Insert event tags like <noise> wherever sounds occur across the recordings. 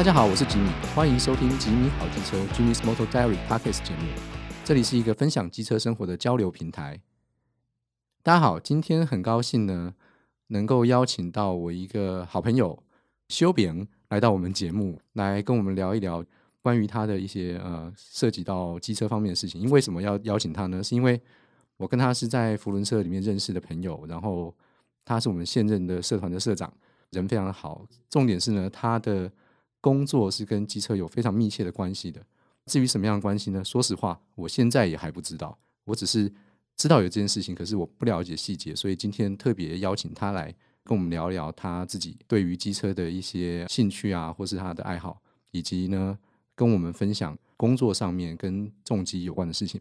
大家好，我是吉米，歡迎收聽《吉米好機車》（Jimmy's Moto Diary Podcast） 節目。這裡是一個分享機車生活的交流平台。大家好，今天很高興呢，能夠邀請到我一個好朋友修比來到我們節目，來跟我們聊一聊關於他的一些呃涉及到機車方面的事情。因為什麼要邀請他呢？是因為我跟他是在扶輪社裡面認識的朋友，然後他是我們現任的社團的社長，人非常的好。重點是呢，他的。工作是跟機車有非常密切的關係的。至於什麼樣的關係呢？說實話，我現在也還不知道。我只是知道有這件事情，可是我不了解細節，所以今天特別邀請他來跟我們聊聊他自己對於機車的一些興趣啊，或是他的愛好，以及呢跟我們分享工作上面跟重機有關的事情。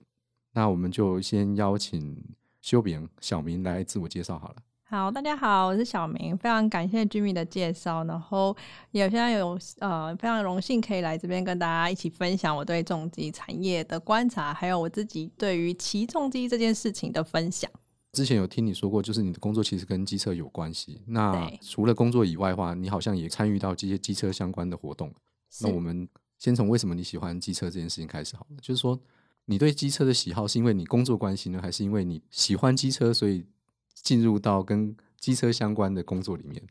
那我們就先邀請修炳小明來自我介紹好了。好，大家好，我是小明，非常感謝 Jimmy 的介紹，然後也現在、呃、非常有呃非常榮幸可以來這邊跟大家一起分享我對重機產業的觀察，還有我自己對於騎重機這件事情的分享。之前有聽你說過，就是你的工作其實跟機車有關係。那除了工作以外的話，你好像也參與到這些機車相關的活動。是那我們先從為什麼你喜歡機車這件事情開始好了，就是說你對機車的喜好是因為你工作關係呢，還是因為你喜歡機車所以？進入到跟機車相關的工作裡面，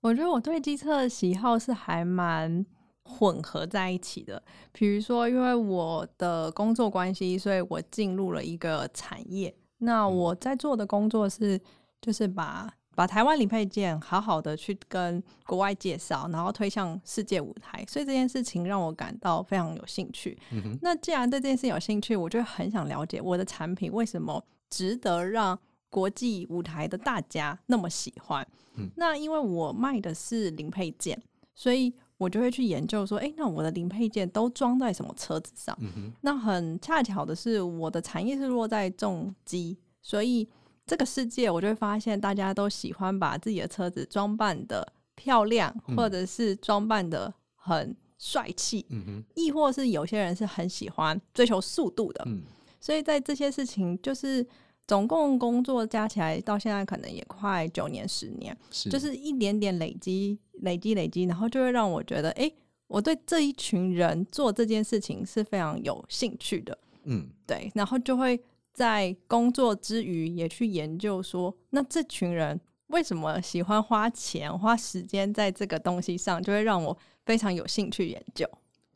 我覺得我對機車的喜好是還蠻混合在一起的。比如說，因為我的工作關係，所以我進入了一個產業。那我在做的工作是，就是把、嗯、把台灣零配件好好的去跟國外介紹，然後推向世界舞台。所以這件事情讓我感到非常有興趣。嗯、哼那既然對這件事有興趣，我就很想了解我的產品為什麼值得讓。國際舞台的大家那麼喜歡，嗯、那因為我賣的是零配件，所以我就會去研究說，哎、欸，那我的零配件都裝在什麼車子上？嗯、哼那很恰巧的是，我的產業是落在重機，所以這個世界我就會發現，大家都喜歡把自己的車子裝扮的漂亮，或者是裝扮的很帥氣，嗯、哼亦或是有些人是很喜歡追求速度的。嗯、所以在這些事情就是。總共工作加起來到現在可能也快九年十年，是就是一點點累積累積累積，然後就會讓我覺得，哎、欸，我對這一群人做這件事情是非常有興趣的，嗯，對，然後就會在工作之餘也去研究說，說那這群人為什麼喜歡花錢花時間在這個東西上，就會讓我非常有興趣研究。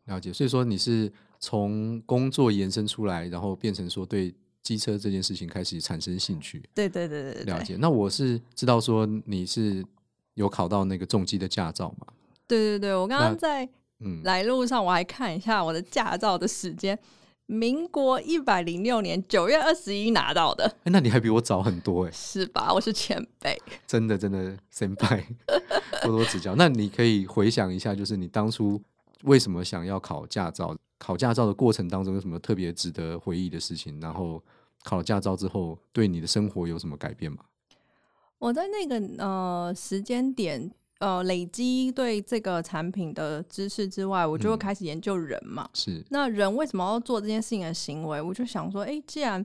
了解，所以說你是從工作延伸出來，然後變成說對。機車這件事情開始產生興趣。對對對對,對,對了解。那我是知道說你是有考到那個重機的駕照嘛？對對對，我剛剛在、嗯、來路上我還看一下我的駕照的時間，民國一百零六年九月二十一拿到的、欸。那你還比我早很多哎、欸，是吧？我是前輩，真的真的，Senpai <laughs> 多多指教。那你可以回想一下，就是你當初。為什麼想要考駕照？考駕照的過程當中有什麼特別值得回憶的事情？然後考了駕照之後，對你的生活有什麼改變嗎？我在那個呃時間點，呃，累積對這個產品的知識之外，我就會開始研究人嘛。嗯、是，那人為什麼要做這件事情的行為？我就想說，哎、欸，既然。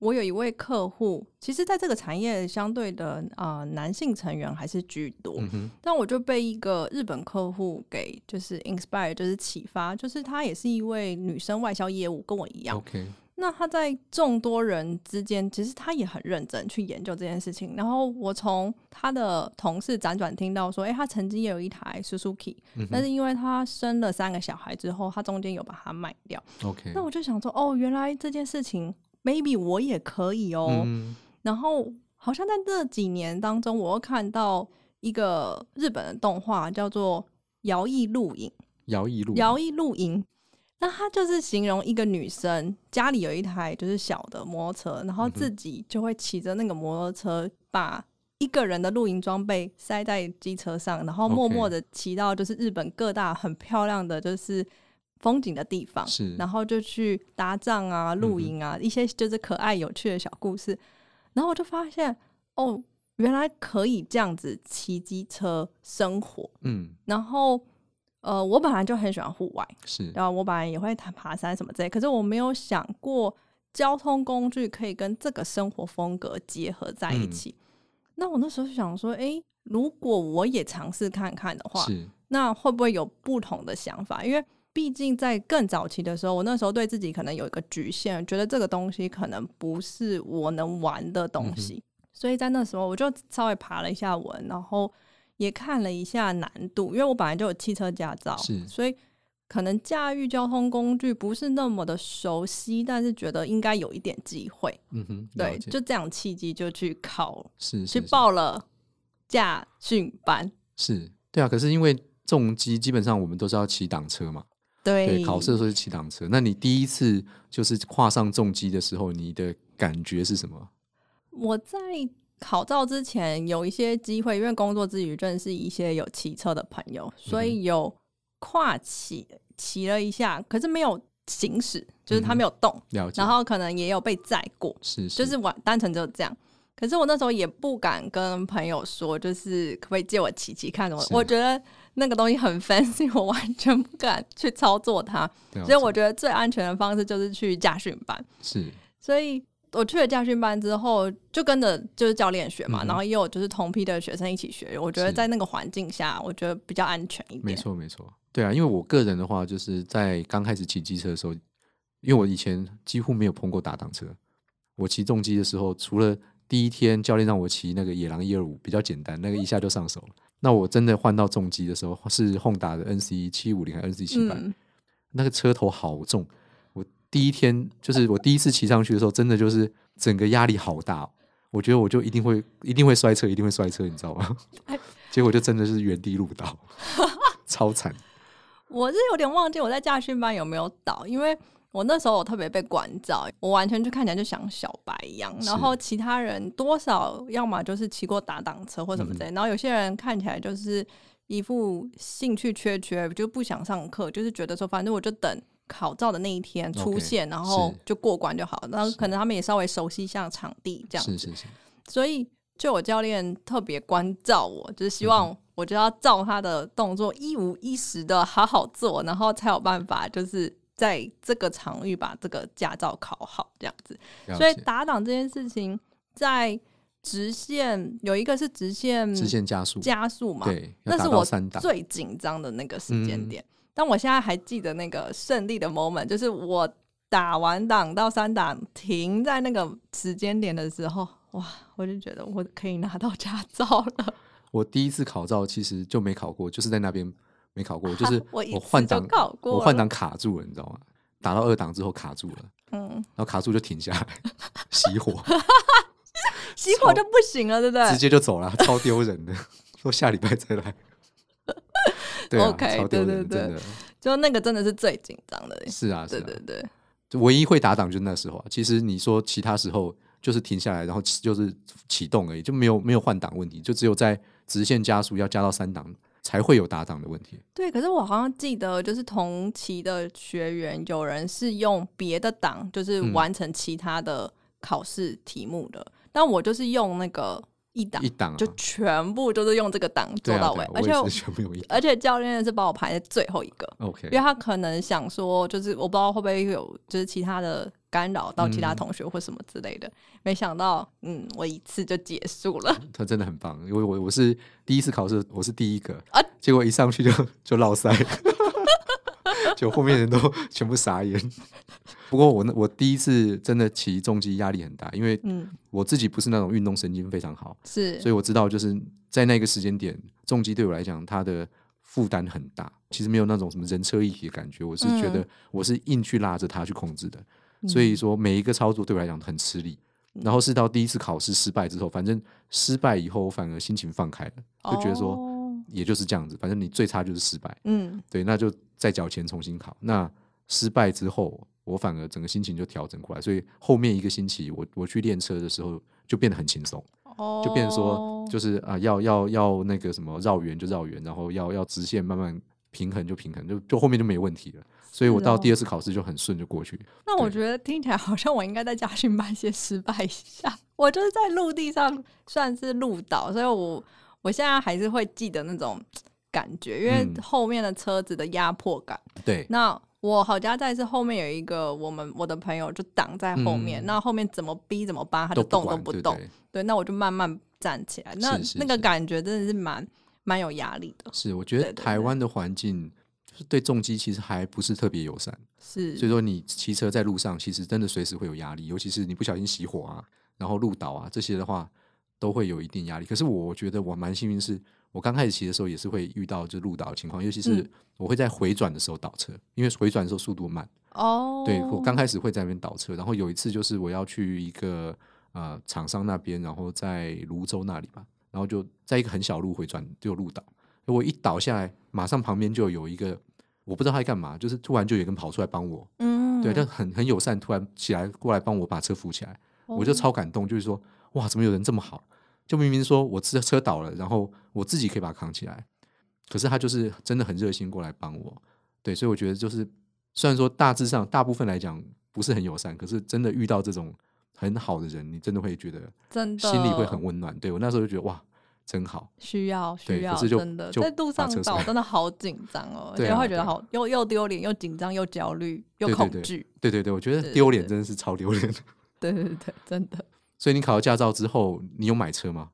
我有一位客戶，其實，在這個產業相對的、呃、男性成員還是居多。嗯、哼但我就被一個日本客戶給就是 inspire，就是啟發，就是她也是一位女生外銷業務，跟我一樣。Okay. 那她在眾多人之間，其實她也很認真去研究這件事情。然後我從她的同事輾轉聽到說，哎、欸，她曾經也有一台 Suzuki，、嗯、哼但是因為她生了三個小孩之後，她中間有把它賣掉。Okay. 那我就想說，哦，原來這件事情。maybe 我也可以哦。嗯、然後好像在這幾年當中，我又看到一個日本的動畫，叫做《搖曳露營》。搖曳露搖曳露營，那它就是形容一個女生家裡有一台就是小的摩托車，然後自己就會騎着那個摩托車，嗯、哼把一個人的露營裝備塞在機車上，然後默默的騎到就是日本各大很漂亮的，就是。風景的地方，是然後就去搭帳啊、露營啊，嗯、哼一些就是可愛有趣的小故事。然後我就發現，哦，原來可以這樣子騎機車生活，嗯。然後，呃，我本來就很喜歡戶外，是然後我本來也會爬山什麼之類的，可是我沒有想過交通工具可以跟這個生活風格結合在一起。嗯、那我那時候就想說，哎、欸，如果我也嘗試看看的話，是那會不會有不同的想法？因為畢竟在更早期的時候，我那時候對自己可能有一個局限，覺得這個東西可能不是我能玩的東西，嗯哼，所以在那時候我就稍微爬了一下文，然後也看了一下難度，因為我本來就有汽車駕照，是，所以可能駕馭交通工具不是那麼的熟悉，但是覺得應該有一點機會，嗯哼，對，就這樣契機就去考，是，是，是去報了駕訓班，是對啊，可是因為重機基本上我們都是要騎檔車嘛。對，對，考試的時候是騎檔車。那你第一次就是跨上重機的時候，你的感覺是什麼？我在考照之前有一些機會，因為工作之餘認識一些有騎車的朋友，所以有跨騎騎了一下，可是沒有行駛，就是他沒有動。嗯、了解。然後可能也有被載過，是，是，就是我單純就這樣。可是我那時候也不敢跟朋友說，就是可不可以借我騎騎看我？我是我覺得。那個東西很 fancy，我完全不敢去操作它。解所以我覺得最安全的方式就是去駕訓班。是，所以我去了駕訓班之後，就跟着就是教練學嘛，嗯、哼然後也有就是同批的學生一起學。我覺得在那個環境下，我覺得比較安全一點。沒錯，沒錯。對啊，因為我個人的話，就是在剛開始騎機車的時候，因為我以前幾乎沒有碰過打檔車。我騎重機的時候，除了第一天教練讓我騎那個野狼一二五，比較簡單，那個一下就上手了。 <laughs> 那我真的換到重機的時候，是 Honda 的 NC 七五零還是 NC 七百？那個車頭好重，我第一天就是我第一次騎上去的時候，真的就是整個壓力好大、哦，我覺得我就一定會一定會摔車，一定會摔車，你知道嗎？哎、結果就真的是原地路倒，超慘。 <laughs> 我是有點忘記我在駕訓班有沒有倒，因為。我那時候我特別被關照，我完全就看起來就像小白一樣。是然後其他人多少要麼就是騎過打擋車或什麼之類。那麼 然後有些人看起來就是一副興趣缺缺，就不想上課，就是覺得說反正我就等考照的那一天出現，okay, 然後就過關就好。是然後可能他們也稍微熟悉一下場地這樣。是是是。所以就我教練特別關照我，就是希望我就要照他的動作一五一十的好好做，okay, 然後才有辦法就是。在這個場域把這個駕照考好，這樣子，所以打檔這件事情，在直線有一個是直線直線加速加速嘛，對，那是我最緊張的那個時間點。但我現在還記得那個勝利的 moment，就是我打完檔到三檔停在那個時間點的時候，哇，我就覺得我可以拿到駕照了。我第一次考照其實就沒考過，就是在那邊。沒考過，就是我換檔，我換檔卡住了，你知道嗎？打到二檔之後卡住了，嗯，然後卡住就停下來，熄火，熄火就不行了，對不對？直接就走了，超丟人的，說下禮拜再來。對，OK，對對對，就那個真的是最緊張的，是啊，是啊，對對對，唯一會打檔就是那時候。其實你說其他時候就是停下來，然後就是啟動而已，就沒有沒有換檔問題，就只有在直線加速要加到三檔。才會有打檔的問題。對，可是我好像記得，就是同期的學員有人是用別的檔，就是完成其他的考試題目的。嗯、但我就是用那個一檔，一檔、啊、就全部都是用這個檔做到位。對啊對啊我而且我而且教練是把我排在最後一個。OK，因為他可能想說，就是我不知道會不會有，就是其他的。干擾到其他同學或什麼之類的，嗯、沒想到，嗯，我一次就結束了。他真的很棒，因為我我是第一次考試，我是第一個，啊、結果一上去就就落塞， <laughs> <laughs> 就後面人都全部傻眼。 <laughs> 不過我那我第一次真的騎重機壓力很大，因為嗯，我自己不是那種運動神經非常好，是、嗯，所以我知道就是在那個時間點，重機對我來講它的負擔很大。其實沒有那種什麼人車一體的感覺，我是覺得我是硬去拉着他去控制的。嗯所以說每一個操作對我來講很吃力，嗯、然後是到第一次考試失敗之後，反正失敗以後我反而心情放開了，就覺得說也就是這樣子，哦、反正你最差就是失敗，嗯，對，那就再繳錢重新考。那失敗之後，我反而整個心情就調整過來，所以後面一個星期我我去練車的時候就變得很輕鬆，就變得說就是啊，要要要那個什麼繞圓就繞圓，然後要要直線慢慢。平衡就平衡，就就後面就沒問題了，所以我到第二次考試就很順就過去。哦。那我覺得聽起來好像我應該在駕訓班先失敗一下， <laughs> 我就是在陸地上算是路倒，所以我我現在還是會記得那種感覺，因為後面的車子的壓迫感。對、嗯，那我好家在是後面有一個我們我的朋友就擋在後面，嗯、那後面怎麼逼怎麼扒，他就動都不，都不動。對，對，對，對，那我就慢慢站起來，那是是是那個感覺真的是蠻。蠻有壓力的，是我覺得台灣的環境就是對重機其實還不是特別友善，是所以說你騎車在路上其實真的隨時會有壓力，尤其是你不小心熄火啊，然後路倒啊這些的話都會有一定壓力。可是我覺得我蠻幸運，是我剛開始騎的時候也是會遇到就路倒的情況，尤其是我會在回轉的時候倒車，嗯、因為回轉的時候速度慢哦。對，我剛開始會在那邊倒車，然後有一次就是我要去一個、呃、廠商那邊，然後在蘆洲那裡吧，然後就在一個很小路回轉，就有路倒，我一倒下來，馬上旁邊就有一個，我不知道他在幹嘛，就是突然就有人跑出來幫我，嗯，對，但很很友善，突然起來過來幫我把車扶起來，哦、我就超感動，就是說哇，怎麼有人這麼好？就明明說我車車倒了，然後我自己可以把它扛起來，可是他就是真的很熱心過來幫我，對，所以我覺得就是雖然說大致上大部分來講不是很友善，可是真的遇到這種很好的人，你真的會覺得真的心裡會很溫暖。真的。對，我那時候就覺得哇。真好，需要需要，需要真的在路上倒真的好緊張哦，而且、啊、會覺得好，對對對，又又丟臉又緊張又焦慮又恐懼。對對對，我覺得丟臉真的是超丟臉的，對對對，真的。所以你考了駕照之後，你有買車嗎？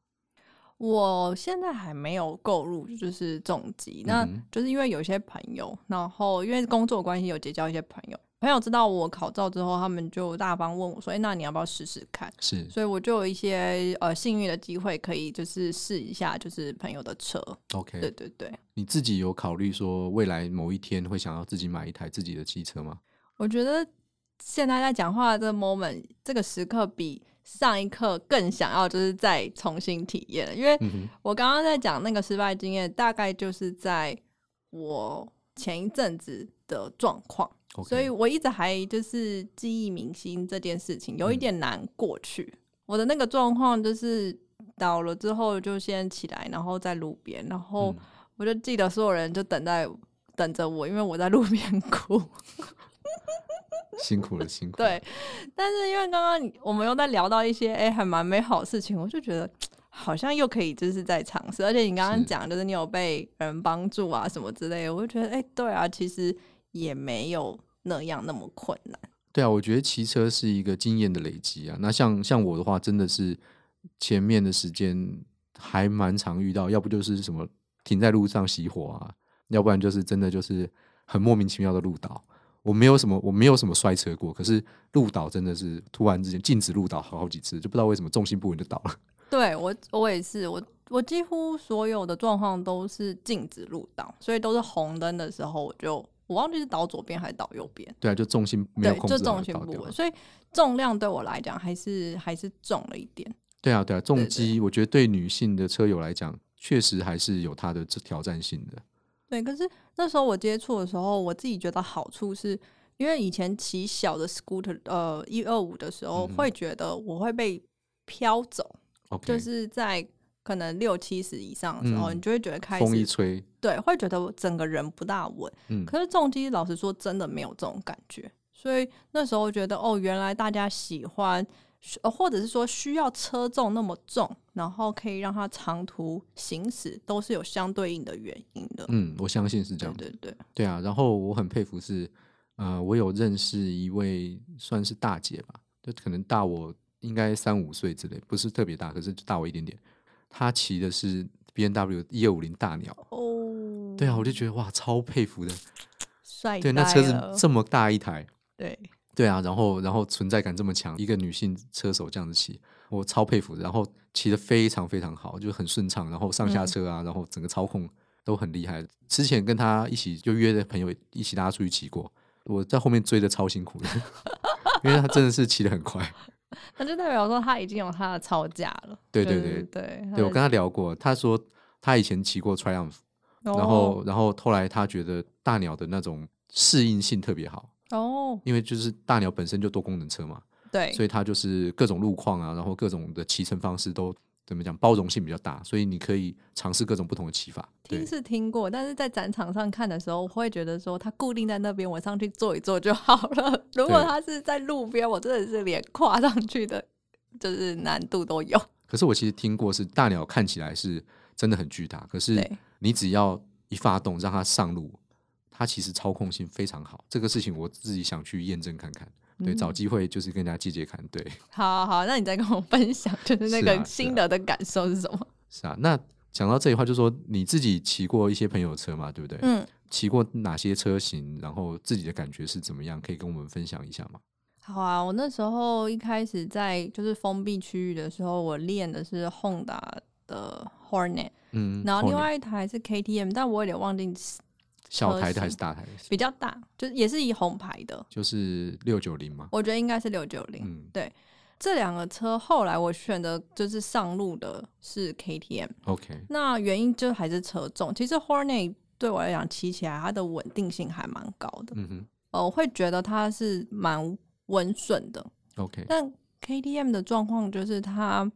我現在還沒有購入，就是重機。嗯、那就是因為有一些朋友，然後因為工作關係有結交一些朋友。朋友知道我考照之後，他們就大方問我，說：“哎、欸，那你要不要試試看？”是，所以我就有一些呃幸運的機會，可以就是試一下，就是朋友的車。OK，對對對。你自己有考慮說未來某一天會想要自己買一台自己的汽車嗎？我覺得現在在講話的這個 moment，這個時刻比上一刻更想要就是再重新體驗，因為我剛剛在講那個失敗經驗，大概就是在我。前一陣子的狀況，Okay. 所以我一直還就是記憶銘心這件事情，有一點難過去。嗯、我的那個狀況就是倒了之後就先起來，然後在路邊，然後我就記得所有人就等待等着我，因為我在路邊哭 <laughs> 辛，辛苦了辛苦。對，但是因為剛剛我們又在聊到一些哎、欸、還蠻美好的事情，我就覺得。好像又可以，就是在嘗試。而且你剛剛講，就是你有被人幫助啊，什麼之類的，是我就覺得，哎、欸，對啊，其實也沒有那樣那麼困難。對啊，我覺得騎車是一個經驗的累積啊。那像像我的話，真的是前面的時間還蠻常遇到，要不就是什麼停在路上熄火啊，要不然就是真的就是很莫名其妙的路倒。我沒有什麼，我沒有什麼摔車過，可是路倒真的是突然之間禁止路倒好好幾次，就不知道為什麼重心不穩就倒了。對，我我也是，我我幾乎所有的狀況都是靜止入檔，所以都是紅燈的時候，我就我忘記是倒左邊還是倒右邊。對啊，就重心沒有控制就，對啊，就重心不穩，所以重量對我來講還是還是重了一點。對啊，對啊，重機我覺得對女性的車友來講，確實還是有它的挑戰性的。對，可是那時候我接觸的時候，我自己覺得好處是因為以前騎小的 scooter，呃，一二五的時候，會覺得我會被飄走。嗯 Okay, 就是在可能六七十以上的時候，嗯，你就會覺得開始風一吹，對，會覺得整個人不大穩。嗯，可是重機老實說真的沒有這種感覺，所以那時候覺得哦，原來大家喜歡，或者是說需要車重那麼重，然後可以讓它長途行駛，都是有相對應的原因的。嗯，我相信是這樣。對對對，對啊，然後我很佩服是，呃，我有認識一位算是大姐吧，就可能大我。應該三五歲之類，不是特別大，可是大我一點點。他騎的是 BMW 一二五零大鳥。oh, 對啊，我就覺得哇，超佩服的。對，那車子這麼大一台，對對啊，然後然後存在感這麼強，一個女性車手這樣子騎，我超佩服的。然後騎的非常非常好，就是很順暢，然後上下車啊，嗯、然後整個操控都很厲害。之前跟他一起就約的朋友一起拉她出去騎過，我在後面追的超辛苦的， <laughs> 因為他真的是騎的很快。那就代表說他已經有他的操駕了。對對對對，對我跟他聊過，他說他以前騎過 Triumph，哦，然後然後後來他覺得大鳥的那種適應性特別好哦，因為就是大鳥本身就多功能車嘛，對，所以他就是各種路況啊，然後各種的騎乘方式都。怎麼講？包容性比較大，所以你可以嘗試各種不同的騎法。聽是聽過，但是在展場上看的時候，我會覺得說它固定在那邊，我上去坐一坐就好了。如果它是在路邊，對我真的是連跨上去的，就是難度都有。可是我其實聽過是，是大鳥看起來是真的很巨大，可是你只要一發動讓它上路，它其實操控性非常好。這個事情我自己想去驗證看看。對，嗯、找機會就是跟人家借借看，對。好、啊、好，那你再跟我分享，就是那個心得的感受是什麼？是啊,是,啊是啊，那講到這一塊就是說你自己騎過一些朋友車嘛，對不對？嗯，騎過哪些車型，然後自己的感覺是怎麼樣，可以跟我們分享一下嗎？好啊，我那時候一開始在就是封閉區域的時候，我練的是 Honda 的 Hornet，嗯，然後另外一台是 KTM，、嗯、但我有點忘記。小台的還是大台的？比較大，就也是以紅牌的，就是六九零嘛。我覺得應該是六九零。對，這兩個車後來我選擇就是上路的是 KTM Okay。OK，那原因就還是車重。其實 Hornet 對我來講騎起來它的穩定性還蠻高的。嗯哼、呃，我會覺得它是蠻溫順的。OK，但 KTM 的狀況就是它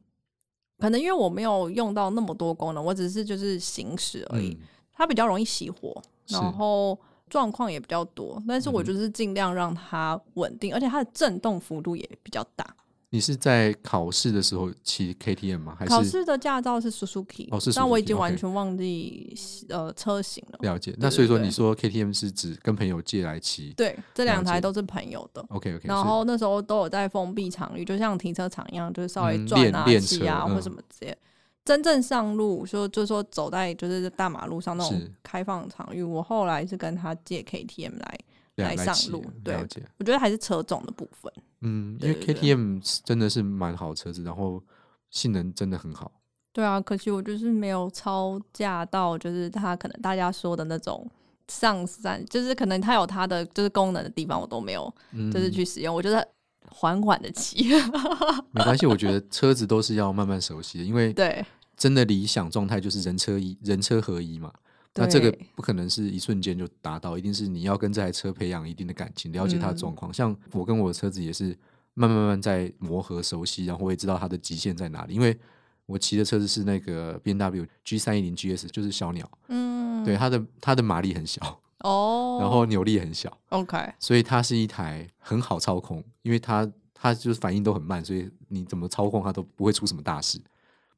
可能因為我沒有用到那麼多功能，我只是就是行駛而已，嗯、它比較容易熄火。是然後狀況也比較多，但是我就是盡量讓它穩定，嗯、而且它的震動幅度也比較大。你是在考試的時候騎 KTM 嗎？還是考試的駕照是 Suzuki，、哦、但我已經完全忘記，、哦、是 Suzuki, 全忘記呃車型了。了解。對對，那所以說，你說 KTM 是指跟朋友借來騎？對，這兩台都是朋友的。OK OK 解。然後那時候都有在封閉場地，就像停車場一樣，就是稍微轉啊、嗯、練，練車啊或什麼之類。嗯真正上路說就是說走在就是大馬路上那種開放場域，是我後來是跟他借 KTM 來、啊、來上路，了。對，解我覺得還是車重的部分，嗯，對對對對，因為 KTM 真的是蠻好的車子，然後性能真的很好。對啊，可惜我就是沒有超駕到，就是他可能大家說的那種上山，就是可能他有他的就是功能的地方，我都沒有，就是去使用。嗯、我覺得緩緩的騎沒關係， <laughs> 我覺得車子都是要慢慢熟悉的，因為對。真的理想狀態就是人車一人車合一嘛。對那這個不可能是一瞬間就達到，一定是你要跟這台車培養一定的感情，了解它的狀況。嗯、像我跟我的車子也是慢慢慢，慢在磨合、熟悉，然後我也知道它的極限在哪裡。因為我騎的車子是那個 BMW G310GS，就是小鳥。嗯，對，它的它的馬力很小哦，然後扭力很小。OK，所以它是一台很好操控，因為它它就是反應都很慢，所以你怎麼操控它都不會出什麼大事。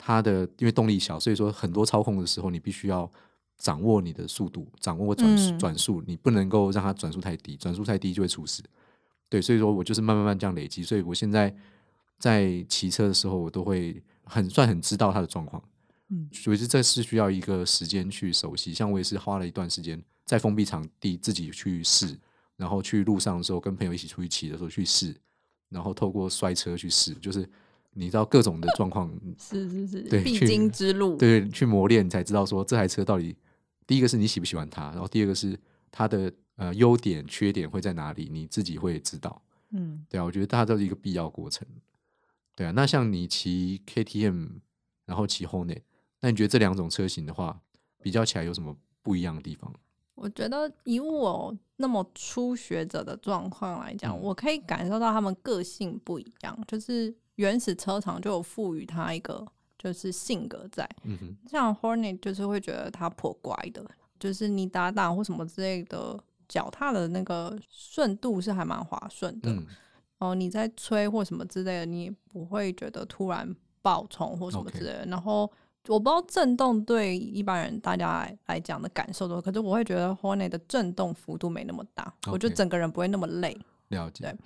它的因為動力小，所以說很多操控的時候，你必須要掌握你的速度，掌握轉轉速，你不能夠讓它轉速太低，轉速太低就會出事。對，所以說我就是慢慢慢這樣累積，所以我現在在騎車的時候，我都會很算很知道它的狀況。嗯，所以這是需要一個時間去熟悉。像我也是花了一段時間在封閉場地自己去試，然後去路上的時候跟朋友一起出去騎的時候去試，然後透過摔車去試，就是。你知道各種的狀況 <laughs> 是是是，對必經之路，對，去磨練才知道說，這台車到底，第一個是你喜不喜歡它，然後第二個是它的呃優點缺點會在哪裡，你自己會知道，嗯，對啊，我覺得它都是一個必要過程，對啊，那像你騎 KTM，然後騎 Honda，那你覺得這兩種車型的話，比較起來有什麼不一樣的地方？我覺得以我那麼初學者的狀況來講，嗯、我可以感受到他們個性不一樣，就是。原始車廠就有賦予它一個就是性格在，嗯、哼像 Hornet 就是會覺得它頗乖的，就是你打打或什麼之類的，腳踏的那個順度是還蠻滑順的，嗯、哦，你在催或什麼之類的，你也不會覺得突然爆衝或什麼之類的。Okay 然後我不知道震動對一般人大家來講的感受多，可是我會覺得 Hornet 的震動幅度沒那麼大，Okay 我就整個人不會那麼累。了解。對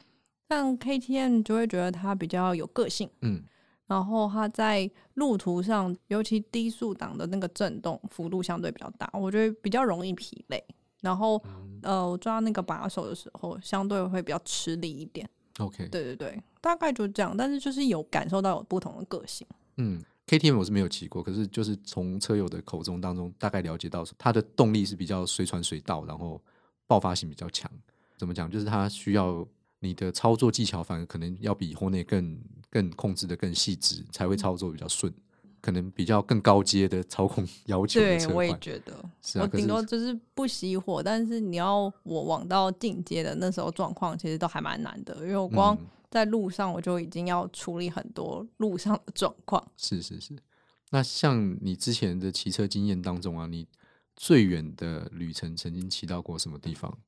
但 KTM 就會覺得它比較有個性，嗯，然後它在路途上，尤其低速檔的那個震動幅度相對比較大，我覺得比較容易疲累。然後，嗯、呃，我抓那個把手的時候，相對會比較吃力一點。OK，對對對，大概就這樣。但是就是有感受到有不同的個性。嗯，KTM 我是沒有騎過，可是就是從車友的口中當中大概了解到，它的動力是比較隨傳隨到，然後爆發性比較強。怎麼講？就是它需要。你的操作技巧反而可能要比後內更更控制的更細緻，才會操作比較順，嗯、可能比較更高階的操控要求的。對，我也覺得，啊、我頂多就是不熄火，是但是你要我往到進階的那時候狀況，其實都還蠻難的，因為我光在路上我就已經要處理很多路上的狀況。是是是，那像你之前的騎車經驗當中啊，你最遠的旅程曾經騎到過什麼地方？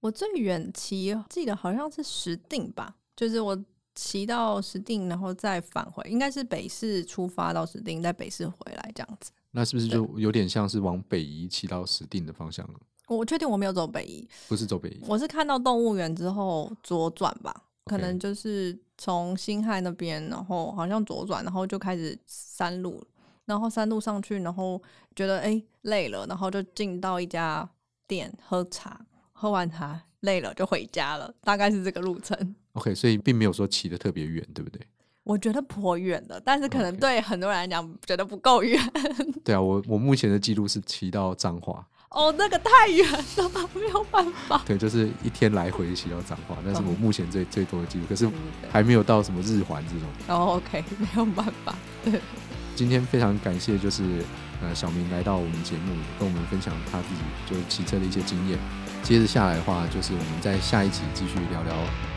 我最遠騎，記得好像是石碇吧，就是我騎到石碇，然後再返回，應該是北市出發到石碇，再北市回來這樣子。那是不是就有點像是往北宜騎到石碇的方向了？對我確定我沒有走北宜，不是走北宜，我是看到動物園之後左轉吧，Okay. 可能就是從辛亥那邊，然後好像左轉，然後就開始山路，然後山路上去，然後覺得哎、欸、累了，然後就進到一家店喝茶。喝完茶，累了就回家了，大概是這個路程。OK，所以並沒有說騎得特別遠，對不對？我覺得頗遠的，但是可能對很多人來講覺得不夠遠。Okay. 對啊，我我目前的記錄是騎到彰化。哦，那個太遠了吧？沒有辦法。 <laughs> 對，就是一天來回騎到彰化， <laughs> 但是我目前最 <laughs> 最多的記錄，可是還沒有到什麼日環這種。然後、oh, OK，沒有辦法。對，今天非常感謝，就是呃小明來到我們節目，跟我們分享他自己就是騎車的一些經驗。接着下來的話，就是我們在下一集繼續聊聊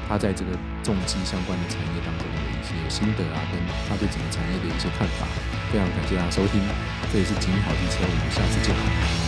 他在這個重機相關的產業當中的一些心得啊，跟他對整個產業的一些看法。非常感謝大家收聽，這裡是錦好機車，我們下次見。